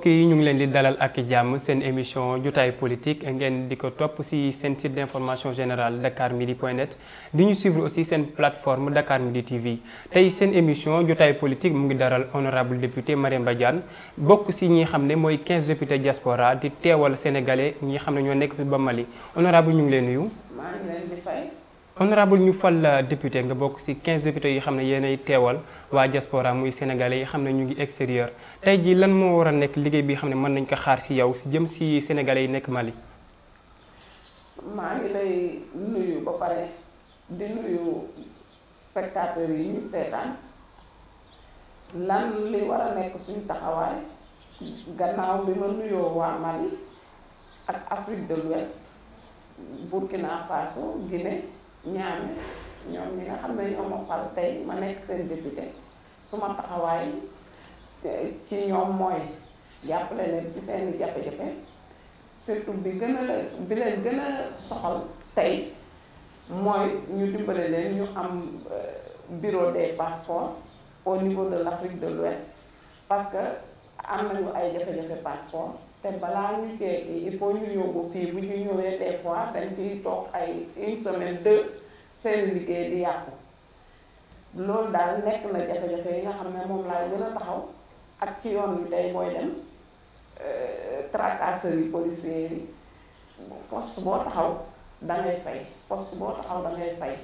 mbokk yi ñu ngi leen di dalal ak jàmm seen émission jotaay politique ngeen di ko topp si seen site d' général générale dakar midi point net di ñu suivre aussi seen plateforme dakar midi tv tey seen émission jotaay politique mu ngi daral honorable député Marième Badiane bokk si ñi xam ne mooy quinze député jaspora di teewal sénégalais ñi xam ne ñoo nekk fi ba Mali honorable ñu ngi leen nuyu honorable ñu fal député nga bokk si quinze députés yi xam ne yéenay teewal waa jaspora muy sénégalais yi xam ne ñu ngi extérieur tey jii lan moo war a nekk liggéey bi xam ne mën nañ ko xaar ci yow si jëm si sénégalais yi nekk Mali. maa ngi lay nuyu ba pare di nuyu spectateurs yi ñu seetaan lan li war a nekk suñu taxawaay gannaaw bi ma nuyoo waa Mali ak Afrique de l'Ouest Burkina Faso Guinée Niamey ñoom ñi nga xam ne ñoo ma fal tey ma nekk seen député su ma taxawaay. ci ñoom mooy jàppale leen ci seeni jafe-jafe surtout bi gën a bi leen gën a soxal tey mooy ñu dimbale leen ñu am euh, bureau des passeports au niveau de l'Afrique de l'Ouest parce que am nañu ay jafe-jafe passeport te balaa ñu jee il faut ñu yóbbu fii des fois dañ ciy toog ay une de deux seen liggéey di yàqu loolu daal nekk na jafe-jafe yi nga xam ne moom laay gën a taxaw ak ci yoon wi tey booy dem euh, tracasserie policier yi poste boo taxaw dangay fay poste boo taxaw dangay fay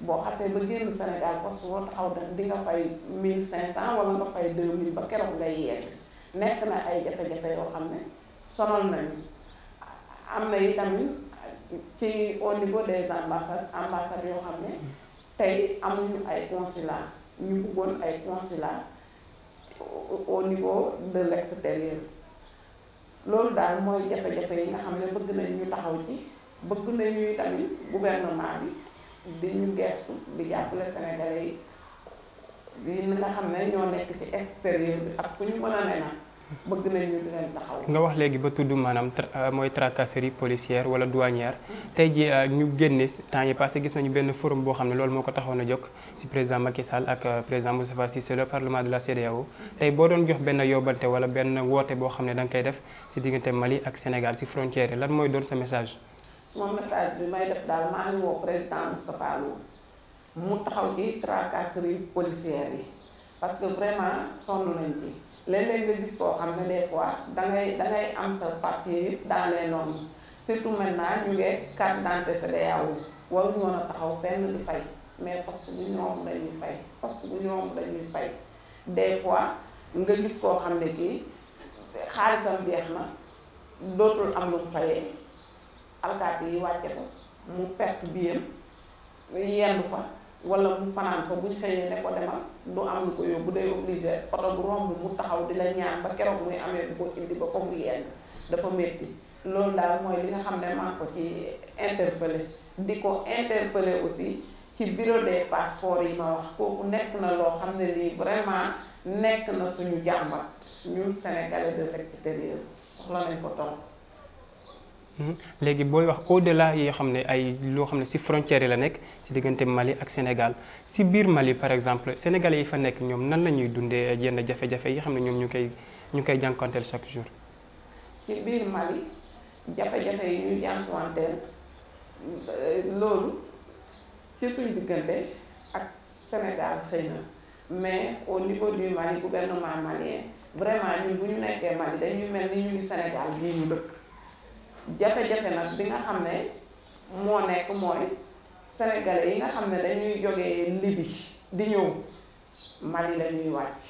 boo xasee ba génn Sénégal poste boo taxaw da di nga fay 1500 wala nga fay 2000 ba keroog ngay yegg nekk na ay jafe-jafe yoo xam ne sonal nañu am na itamit ci au niveau des ambassades ambassades yoo xam ne tey amuñu ay consulat ñu buggoon ay consulat au niveau de l'extérieur loolu daal mooy jafe-jafe yi nga xam ne bëgg nañ ñu taxaw ci bëgg nañuy tamit gouvernement yi di ñu gestu di jàppale Sénégalais yi li nga xam ne ñoo nekk ci extérieur bi ak ku ñu mën a ne bëgg nañ ñu di leen taxaw. nga wax léegi ba tudd maanaam euh, mooy tracasserie policière wala douanière tey ji euh, ñu génne temps yi passé gis nañu benn forum boo xam ne loolu moo ko taxoon a jóg si président Macky ak euh, président Moustapha e e boo doon jox benn yóbbante wala benn woote boo xam ne da koy def si diggante Mali ak Sénégal si frontière yi lan mooy doon sa message. moom message bi may def daal mu taxaw ci tracasserie policière yi parce que vraiment sonn nañ ci. léeg-léeg nga gis koo xam ne des fois dangay dangay am sa papier yëpp daanee noonu surtout maintenant ñu ngi carte d'identité CEDEAO waruñu woon a taxaw fenn di fay mais poste bu ñoom dañuy fay poste bu ñoom dañuy fay des fois nga gis koo xam ne kii xaalisam jeex na dootul am lu mu fayee alkaati yi wàcce ko mu perte biyam yendu fa wala mu fanaan ko bu xëyee ne ko demal du am lu ko yóbbu day obligé oto bu romb mu taxaw di la ñaan ba keroog muy amee bu ko indi ba dafa métti loolu daal mooy li nga xam ne maa ko ci interpellé di ko interpellé aussi ci bureau des passeports yi ma wax kooku nekk na loo xam ne lii vraiment nekk na suñu jàmbat ñun sénégalais de l'extérieur soxla nañ ko topp Hmm. léegi booy wax au delà yoo xam ne ay loo xam ne si frontières yi la nekk si diggante Mali ak Sénégal si biir Mali par exemple sénégalais yi fa nekk ñoom nan la ñuy dundee yenn jafe-jafe xam ne ñoom ñu koy ñu koy jànkuwanteel chaque jour. ci biir Mali jafe-jafe yi ñuy jànkuwanteel euh, loolu ci suñu diggante ak Sénégal xëy na mais au niveau du Mali gouvernement malien vraiment ñun bu ñu nekkee Mali dañuy mel ni ñu ngi Sénégal bii ñu dëkk. jafe-jafe nag bi nga xam ne moo nekk mooy sénégalais yi nga xam ne dañuy jógee Libi di ñëw Mali la ñuy wàcc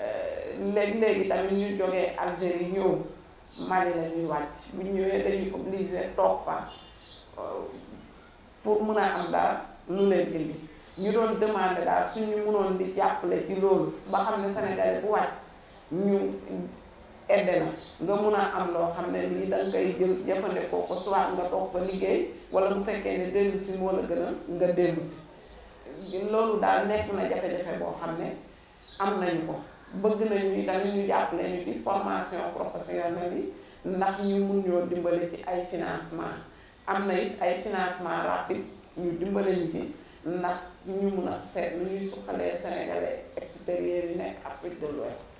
euh, léegi-léegi tamit ñu jógee Algérie ñëw Mali la ñuy wàcc bu ñëwee dañuy obligé toog fa euh, pour mën a am daal lu leen indi ñu doon demandé daal suñu mënoon di jàppale ci loolu ba xam ne sénégalais bu wàcc ñu aide na nga mun a am loo xam ne nii da nga koy ko soit nga toog fa liggéey wala bu fekkee ne dellu si moo la gën nga dellu si loolu daal nekk na jafe-jafe boo xam ne am nañu ko bëgg nañ ñu tamit ñu jàppale ñu ci formation professionnelle yi ndax ñu mun ñoo dimbale ci ay financement am na it ay financement rapide ñu dimbale ñu ci ndax ñu mun a seet lu ñuy suqalee sénégalais extérieurs yi nekk Afrique de l'Ouest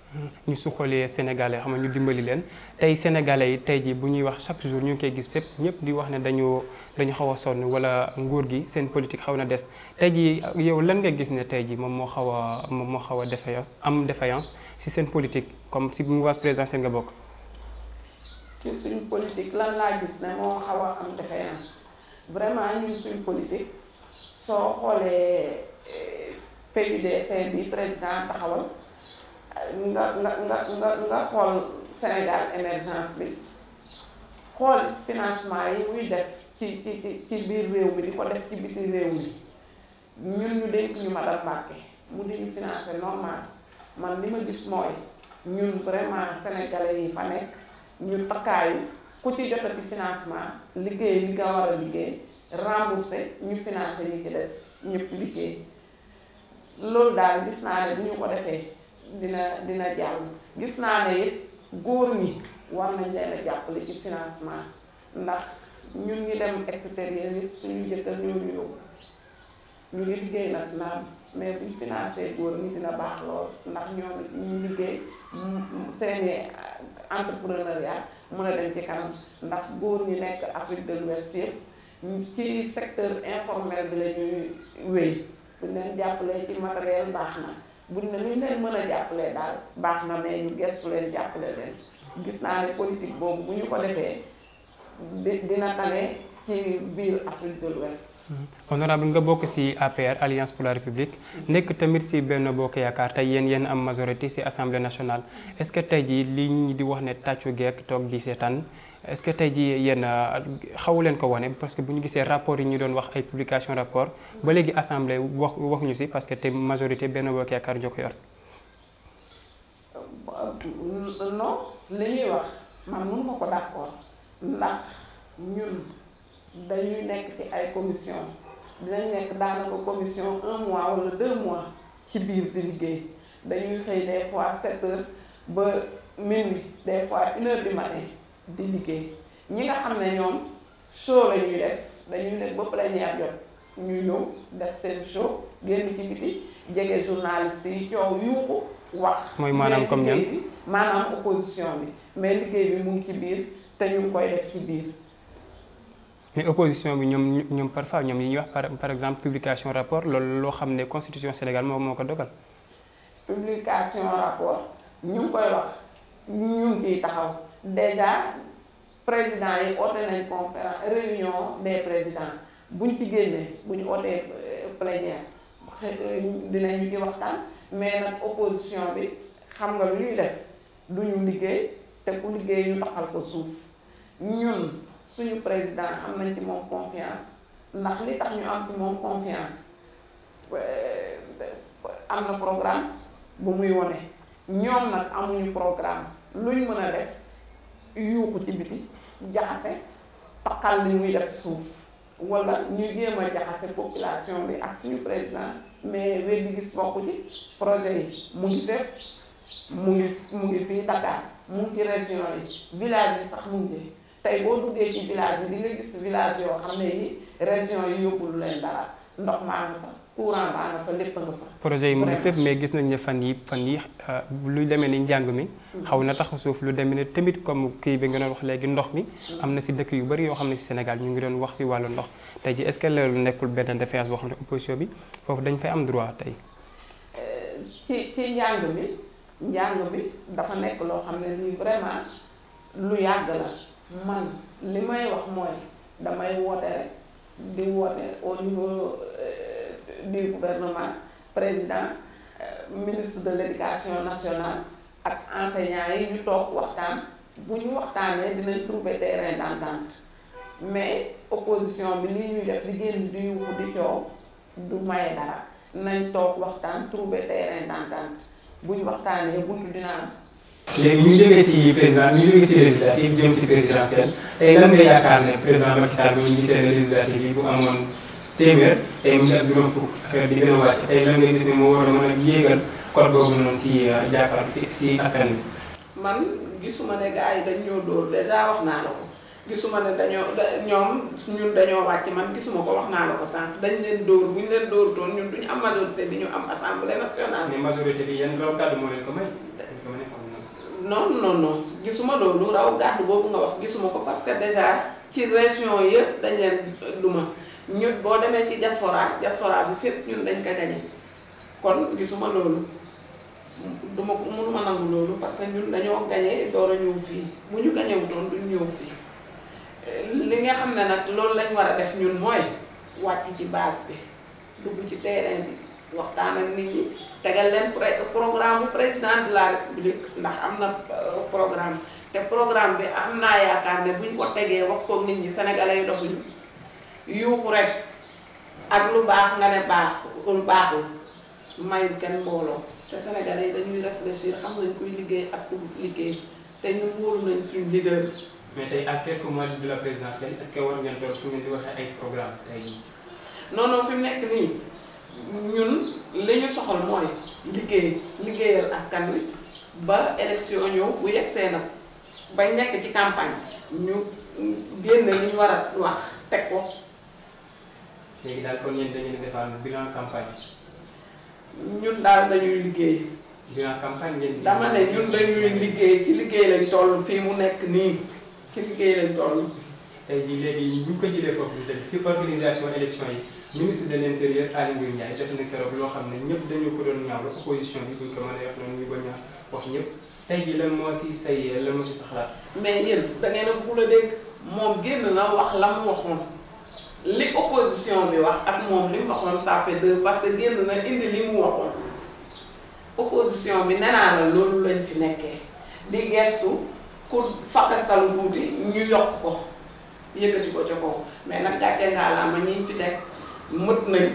ñu suxalee sénégalais xam ñu dimbali leen tey sénégalais yi tey jii bu ñuy wax chaque jour ñu ngi koy gis fépp ñëpp di wax ne dañu dañu xaw a sonn wala nguur gi seen politique xaw na des tey jii yow lan nga gis ne tey jii moom moo xaw a moom moo xaw a défaillance am défaillance si seen comme si mouvance présidentielle nga bokk. ci suñu politique a am eh, président taxawal. nga nga nga nga nga xool Sénégal émergence bi xool financement yi muy def ci ci ci biir réew mi di ko def ci biti réew mi ñun ñu dénk ñu madame Mbacké mu di ñu financé normal man li ma gis mooy ñun vraiment sénégalais yi fa nekk ñu takkaayu ku ci jotati financement liggéey bi nga war a liggéey remboursé ñu financé ñi ci des ñëpp liggéey loolu daal gis naa ne ñu ko defee dina dina jàll gis naa ne it góor ñi war nañ leen a jàppale ci financement ndax ñun ñi dem extérieur yëpp suñu jëkkër ñoo ñu yóbbu ñu ngi liggéey nag naam mais buñ financé góor ñi dina baax lool ndax ñoom ñu liggéey seeni euh, entrepreneuriat mën a dem ci kanam ndax góor ñi nekk Afrique de l'Ouest yëpp ci secteur informel bi la ñuy wéy buñ leen jàppalee ci matériel baax na buñ ne luñ leen mën a jàppale daal baax na mais ñu gestu leen jàppale leen gis naa ne politique boobu bu ñu ko defee dina tane ci biir Afrique de l'Ouest. Hmm. honorable nga bokk ci APR Alliance pour la République hmm. nekk tamit ci benn Bokk Yaakaar tey yéen yéen am majorité ci assemblée nationale hmm. est-ce que tey jii li ñu di wax ne tàccu geek toog di seetaan est-ce que tey jii yéen euh, xawu leen ko wane parce que bu ñu gisee rapport yi ñu doon wax ay publication rapport ba léegi assemblée wax waxuñu ci parce que te majorité benn Bokk Yaakaar joo yor. Euh, non li ñuy wax man mën ko ko d'accord dañuy nekk ci ay commission dinañ nekk daanaka commission un mois wala deux mois ci biir di liggéey dañuy xëy des fois sept heures ba minuit des fois une heure du di liggéey ñi nga xam ne ñoom show la ñuy def dañuy nekk ba plénière jot ñu ñëw def seen show génn ci biti jege journaliste yi coow yuuxu wax. mooy maanaam comme maanaam opposition bi mais liggéey bi mu ngi ci biir te ñu ngi koy def ci biir. mais opposition bi ñoom ñoom parfois ñoom yi ñu wax par par exemple publication rapport loolu loo xam ne constitution Sénégal moo moo ko dogal. publication rapport ñu koy wax ñu ngi taxaw déjà président yi oote nañ conférence réunion des présidents buñ ci génnee buñ ootee euh, plénière dinañ ci waxtaan mais nag opposition bi xam nga lu ñuy def duñu liggéey te ku liggéey ñu taxal ko suuf ñun. suñu président am nañ ci moom confiance ndax li tax ñu am ci moom confiance euh, am na programme bu muy wone ñoom nag amuñu programme luñ mën a def yuuxu ci biti jaxase paqal li muy def suuf wala ñu jéem a jaxase population bi ak suñu président mais bi gis bokku ci projet yi mu ngi fépp mu ngi mu ngi fii Dakar mu ngi ci yi village yi sax mu ngi tey boo duggee ci village yi di nga gis village yoo xam ne yi région yi yóbbul leen dara ndox maa nga fa courant baa nga fa lépp nga fa. projet yi mu ngi fépp mais gis nañ ne fan yi fan yi euh, lu demee ni njàng mi. Mm-hmm. xaw na tax suuf lu demee ni tamit comme kii bi nga doon wax léegi ndox mi. Mm-hmm. am na si dëkk yu bari yoo xam ne si Sénégal ñu ngi doon wax si wàllu ndox te ci est-ce que loolu nekkul benn défiance boo xam ne opposition bi foofu dañ fay am droit tey. Euh, ci man li may wax mooy damay woote di woote au niveau euh, du gouvernement président euh, ministre de l'éducation nationale ak enseignants yi ñu toog waxtaan bu ñu waxtaanee dinañ trouver terrain d'entente mais opposition bi li ñuy def di génn di wu di coow du maye dara nañ toog waxtaan trouver terrain d'entente bu ñu waxtaanee buntu dina léegi ñu jógee si président ñu jógee si législative jëm tey lan yaakaar ne président Macky Sall bu ñu gisee ne législative a wàcc tey lan nga gis ne moo si jàppal si si askan bi man gisuma ne gars yi dañ ñoo dóor dèjà wax naa la ko gisuma ne dañoo ñoom ñun dañoo wàcc man gisuma ko wax naa la ko sànq dañ leen dóor bu ñu leen dóor doon ñun duñu am majorité bi ñu am assemblée nationale. mais majorité non noonu non gisuma loolu raw gàddu boobu nga wax gisuma ko parce que déjà ci région yëpp dañ leen duma ñun boo demee ci diaspora diaspora bi fépp ñun dañ ko gañe kon gisuma loolu duma ko mënuma nangu loolu parce que ñun dañoo gañe door a ñëw fii bu ñu gañewutoon duñ ñëw fii li nga xam ne nag loolu lañ war a def ñun mooy wàcc ci baas bi dugg ci terrain bi waxtaan ak nit ñi tegal leen programme président de la république ndax am na euh, programme te programme bi am naa yaakaar ne bu ko tegee wax koog nit ñi sénégalais yi dofuñu yuuxu rek ak lu baax nga ne baax lu baaxul mayul kenn mbooloo te sénégalais yi dañuy réfléchir xam nañ kuy liggéey ak ku liggéey te ñu wóolu nañ suñu leader. mais tey à quelques mois de la présidentielle est-ce que war ngeen toog ay programme fi mu nekk nii. ñun li ñu soxal mooy liggéey liggéeyal askan wi ba élection ñëw bu yegsee nag ba nekk ci campagne ñu génn li ñu war a wax teg ko. léegi daal kon yéen dañuy defar bilan campagne. ñun daal dañuy liggéey. bilan campagne ngeen. dama ne ñun dañuy liggéey ci liggéey lañ toll fii mu nekk nii ci liggéey lañ toll. tey jii léegi bu ñu ko jëlee foofu lu dëkk si organisation élection yi ministre de l' intérieur Aly Ngouille Ndiaye def na keroog loo xam ne ñëpp dañu ko doon ñaaw la opposition bi buñ ko mën a wax noonu ñu bañ a wax ñëpp tey jii lan moo si say lan moo si saxlaat mais yéen da ngeen a bëgg la dégg moom génn na wax la mu waxoon li opposition bi wax ak moom li mu waxoon ça fait deux parce que génn na indi li mu waxoon opposition bi nee naa la loolu lañ fi nekkee di gestu ku fakkastalu tuuti ñu yokk ko yëkkati ko ca kaw mais nag gàccee ngaa la ma ñi fi teg mët nañ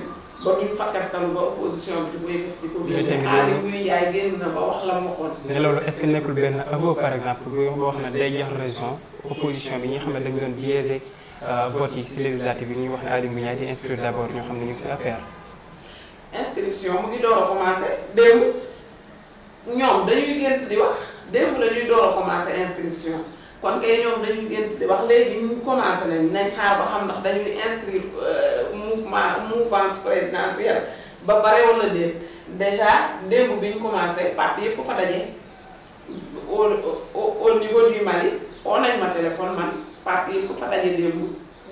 ba duñ fakkastalu ba opposition bi di ko yëkkati di ko génne aali buy yaay génn na ba wax la ma waxoon mais loolu est-ce que nekkul benn avo par exemple bu wax na day jox raison opposition bi ñi xam ne dañu doon biaisé euh, vote yi si législative yi ñuy wax ne Aly Ngouille Ndiaye di inscrire d'abord ñoo xam ne ñu ngi si APR inscription mu ngi door a commencé démb ñoom dañuy gént di wax démb la ñuy door a commencé inscription kon kay ñoom dañuy gën di wax léegi ñu commencé nañ nañ xaar ba xam ndax dañuy inscrire euh, mouvement mouvance présidentielle ba pare wala déet déjà démb bi ñu commencé parti yëpp fa daje au au niveau du Mali oo nañ ma téléphone man parti yëpp fa daje démb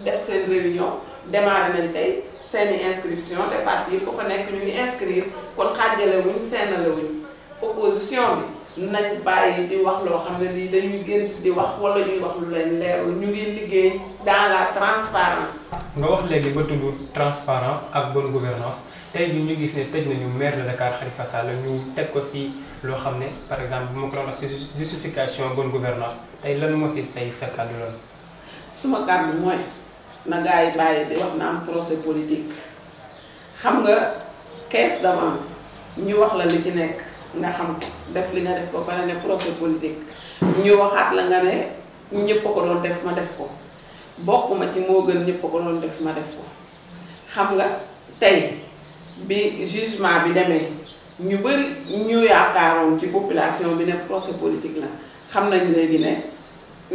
def seen réunion démarré nañ tey seeni inscription te parti yëpp fa nekk ñuy inscrire kon xaajale wuñ seenale wuñ opposition bi. nañ bàyyi di wax loo xam ne lii dañuy génn di wax wala ñuy wax lu leen leerul ñu ngi liggéey dans la transparence nga wax léegi ba tudd transparence ak bonne gouvernance tey jii ñu gis ne tëj nañu maire de Dakar Khalifa Sall ñu teg ko si loo xam ne par exemple bu ma ko doon wax si justification bonne gouvernance lan moo si tey sa kàddu loolu suma kàddu mooy na gaa bàyyi di wax na am procès politique xam nga caisse d'avance ñu wax la li ci nekk nga xam def li nga def ko ba ne projet politique ñu waxaat la nga ne ñëpp ko doon def ma def ko bokk ma ci moo gën ñëpp ko doon def ma def ko xam nga tey bi jugement bi demee ñu bëri ñu yaakaaroon ci population bi ne procès politique la xam nañ léegi ne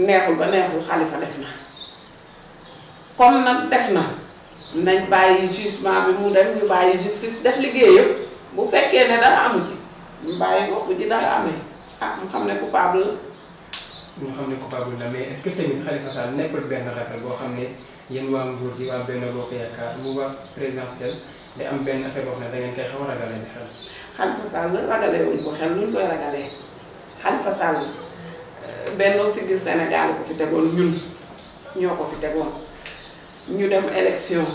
neexul ba neexul Xalifa def na kon nag def na nañ bàyyi jugement bi mu dem ñu bàyyi justice def liggéeyam bu fekkee ne dara amu ci ñu bàyyi ko bu ci dara amee ah mu xam ne coupable la. ñu xam ne coupable la mais est-ce que tamit Khalifa Sall benn ragal boo xam ne yéen waa nguur gi waa benn boo ko yaakaar bu waa présidentiel day am benn affaire boo xam ne xaw a ragalee xel. Khalifa Sall ragalee wuñ ko xel luñ koy ragalee Khalifa Sall euh, Benno Siggil Sénégal ko fi tegoon ñun ñoo ko fi tegoon ñu dem élection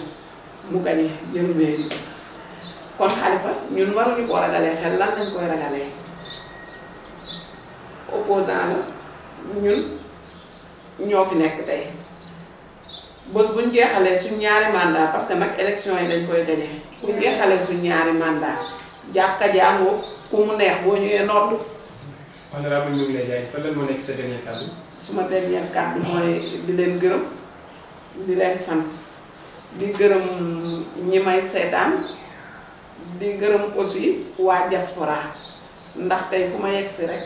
mu gagné jël mairie. kon xalifa ñun waruñu ko ragalee xel lan lañ koy ragalee opposant la ñun ñoo fi nekk tey bés buñ jeexalee suñ ñaari mandat parce que nag élection yi dañ koy gañe kuñ jeexalee suñ ñaari mandat jàkka jaamu ku mu neex boo ñëwee nodd honorable ñu ngi lay jaay fan la moo nekk sa dernier kàddu suma dernier kàddu mooy di leen gërëm di leen sant di gërëm ñi may seetaan di gërëm aussi waa diaspora ndax tey fu ma yegg si rek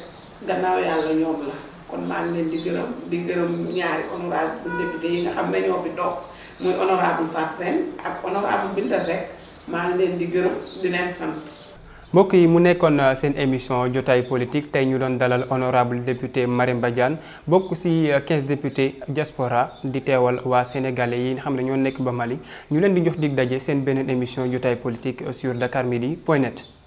gannaaw yàlla ñoom la kon maa ngi leen di gërëm di gërëm ñaari honorable député yi nga xam ne ñoo fi toog muy honorable Fatou Sène ak honorable Binta Seck maa ngi leen di gërëm di leen sant mbokk yi mu nekkoon euh, seen émission jotaay politique tey ñu doon dalal honorable député Marième Badiane bokk ci 15 euh, jaspora di teewal waa sénégalais yi xam ne ñoo nekk ba Mali ñu leen di jox di daje seen beneen émission jotaay politique euh, sur dakar midi point net